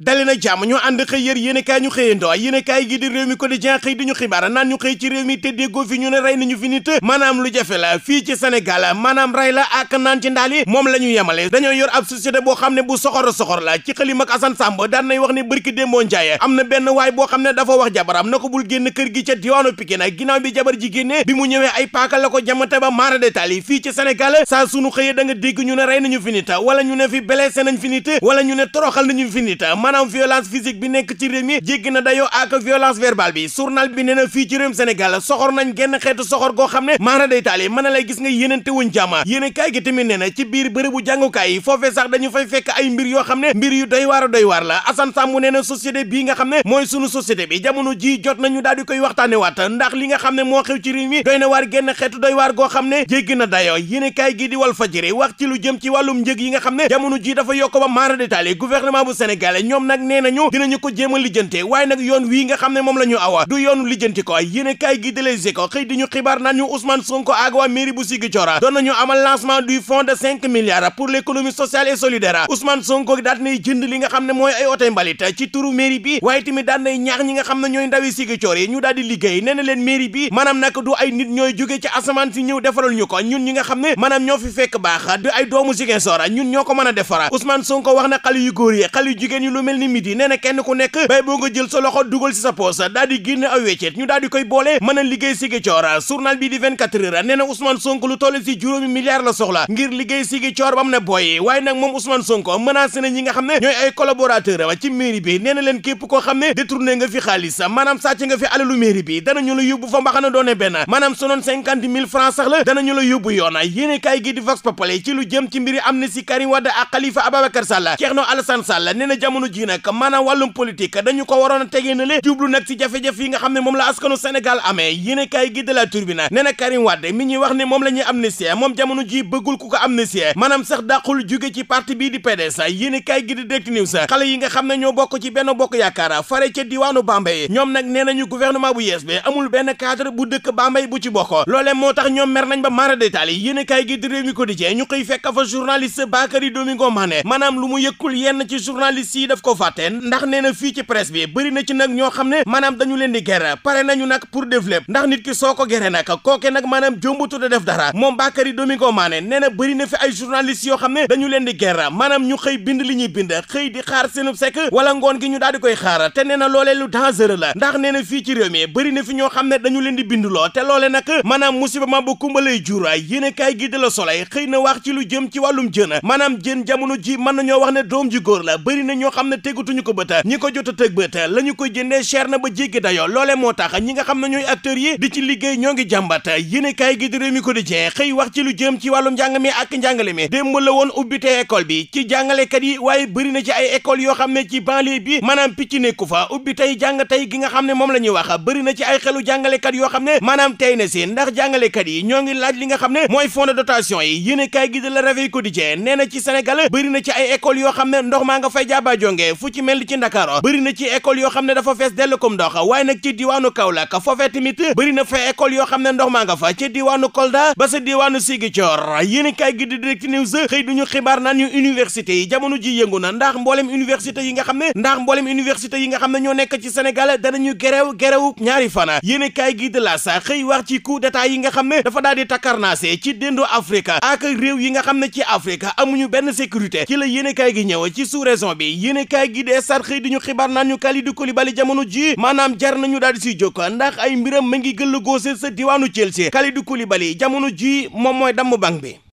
dali na jàmm ñoo ànd xëy yër yéenekaay ñu xëyandoo yéenekaay gi di réew mi quotidien xëy di ñu xibaar naan ñu xëy ci réew mi te déggoo fi ñu ne rey nañu fi nit maanaam lu jafe la fii ci Sénégal maanaam rey la ak naan ci ndaal yi moom la ñu yemale dañoo yor ab société boo xam ne bu soxor soxor la ci xëlim ak Assane Samb daan nay wax ne bërki démboo njaaye am na benn waay boo xam ne dafa wax jabaram na ko bul génn kër gi ca diwaanu Pikine ginnaaw bi jabar ji génnee bi mu ñëwee ay paaka la ko jamante ba maara détaal yi fii ci Sénégal saa sunu xëyee da nga dégg ñu ne rey nañu fi nit wala ñu ne fi blessé nañ fi nit wala ñu ne toroxal nañu fi nit maanaam violence physique bi nekk ci réew mi jéggi na dayoo ak violence verbale bi journal bi nee na fii ci réewum Sénégal soxor nañ genn xeetu soxor goo xam ne maana day taali mën na lay gis nga yéenante wuñ jàmm yéen kaay gi tamit nee na ci biir bërëbu jàngukaay yi foofee sax dañu fay fekk ay mbir yoo xam ne mbir yu doy waar doy waar la Assane Samb nee na société bii nga xam ne mooy sunu société bi jamono jii jot nañu daal di koy waxtaane waat ndax li nga xam ne moo xew mi doy na waar genn xeetu doy waar goo xam ne jéggi na dayoo yéen kaay gi di Walf Fadjri wax ci lu jëm ci wàllum njëg yi nga xam ne jamono ji dafa yokk ba maana day taali gouvernement bu Sénégal ñoom nag nee nañu dinañu ko jéem a lijjante waaye nag yoon wii nga xam ne moom la ñu awa du yoon lijjanti ko yéene kaay gi dalee ko xëy di ñu xibaar naan ñu Ousmane Sonko ak waa mairie bu Ziguinchor doon nañu amal lancement du fonds de cinq milliards pour l'économie sociale et solidaire Ousmane Sonko daat nay jënd li nga xam ne mooy ay oto mbalit ci turu mairie bi waaye tamit daan nay ñaax ñi nga xam ne ñooy ndawi Ziguinchor yi ñu daal di liggéey nee na leen mairie bi maanaam nag du ay nit ñooy jóge ci asamaan si ñëw defaral ñu ko ñun ñi nga xam ne maanaam fi fekk baax du ay doomu Ziguinchor ñun ñoo ko mën a defara Ousmane Sonko wax na xale yu góor mel ni midi nee na kenn ku nekk bay boo nga jël sa loxo dugal si sa poos daal di génn aw weccet ñu daal di koy boole mën a liggéey Ziguinchor journal bi di 24 heures nee na Ousmane Sonko lu toll si juróomi milliards la soxla ngir liggéey Ziguinchor ba am na booy waaye nag moom Ousmane Sonko menacé na ñi nga xam ne ñooy ay collaborateur wa ci mairie bi nee leen képp koo xam ne détourné nga fi xaalis maanaam sàcc nga fi alalu mairie bi danañu la yóbbu fa mbaxana doone benn maanaam sonoon cinquante mille francs sax la danañu la yóbbu yoon yéene kaay gi di ci lu jëm ci mbiri amnistie Karim Wade ak Khalifa Ababacar Sall Thierno Alassane Sall nee na jamono jii nag maanaam wàllum politique dañu ko waroon a tegee na le jublu nag ci jafe-jafe yi nga xam ne moom la askanu Sénégal amee yéene kaay kay de la Tribune nee na Karim Wade mi ñuy wax ne moom la ñuy amnistie moom jamono ji bëggul ku ko amnistie maanaam sax dàqul jóge ci parti bii di PDS yéene kaay gi di Direct News xale yi nga xam ne ñoo bokk ci benn bokk yaakaar fare ca diwaanu Bambey ñoom nag nee nañu gouvernement bu yees bi amul benn cadre bu dëkk Bambey bu ci bokk moo tax ñoom mer nañ ba mara détail yéene kaay ñu koy fekk fa journaliste Bakary Domingo Mané maanaam lu mu yëkkul yenn ci journaliste yi daf ko fàtteen ndax nee na fii ci presse bi bëri na ci nag ñoo xam ne maanaam dañu leen di gere pare nañu nag pour développer ndax nit ki soo ko gere nag kooke nag maanaam jombutu da dara moom Bakary Domingo Mané nee na bëri na dañu leen di gere maanaam ñu xëy bind li ñuy bind xëy di xaar ngoon gi ñu daal di koy xaar te nee na loolee lu dangereux la ndax nee na fii ci xam ne dañu leen di binduloo te loole nag maanaam musiba ma bu kumbalay jura yéen a xëy na wax ci lu jëm ci wàllum jën maanaam jën jamono ji mën nañoo wax ne doom ji góor la bëri ñoo xam ne ne tegutuñu ko bët ñi ko jot a teg bët la ñu koy jënde cher na ba jéggi dayoo loole moo tax ñi nga xam ne ñooy acteurs yi di ci liggéey ñoo ngi jàmbat yéen kaay gi di Rewmi Quotidien xëy wax ci lu jëm ci wàllu njàng mi ak njàngale mi démb la woon ubbite école bi ci jàngalekat yi waaye bëri na ci ay école yoo xam ne ci banlieue bi maanaam picc nekku fa ubbi tey jàng tey gi nga xam ne moom la ñuy wax bëri na ci ay xelu jàngalekat yoo xam ne maanaam tey na si ndax jàngalekat yi ñoo ngi laaj li nga xam ne mooy fonds de yi yéen kaay gi di la Réveil na ci Sénégal bëri na ci ay école yoo xam ne ndox maa nga fay jaaba jonge googee fu ci mel ni ci Ndakaaru bëri na ci école yoo xam ne dafa fees dell kom ndox waaye nag ci diwaanu Kaolack foofee tamit bëri na fa école yoo xam ne ndox maa nga fa ci diwaanu Kolda ba sa diwaanu Ziguinchor yéen i kaay gi di Direct News xëy duñu xibaar naan université yi ji yëngu na ndax mboolem université yi nga xam ne ndax mboolem université yi nga xam ne ñoo nekk ci Sénégal danañu gerew gerew ñaari fana yéen i kaay gi di L'As xëy wax ci coup d'état yi nga xam ne dafa daal di takkarnaase ci déndu Afrique yi nga xam ne ci Afrique amuñu benn sécurité ci la yéen i kaay gi ñëw ci sous bi kaay gi dee sar xëy di ñu xibaar naan ñu Kalidou Koulibaly jamono ji maanaam jar nañu daal di si jóg ndax ay mbiram ma ngi gëll góose sa diwaanu Chelsea Kalidou Koulibaly jamono ji moom mooy damm bank bi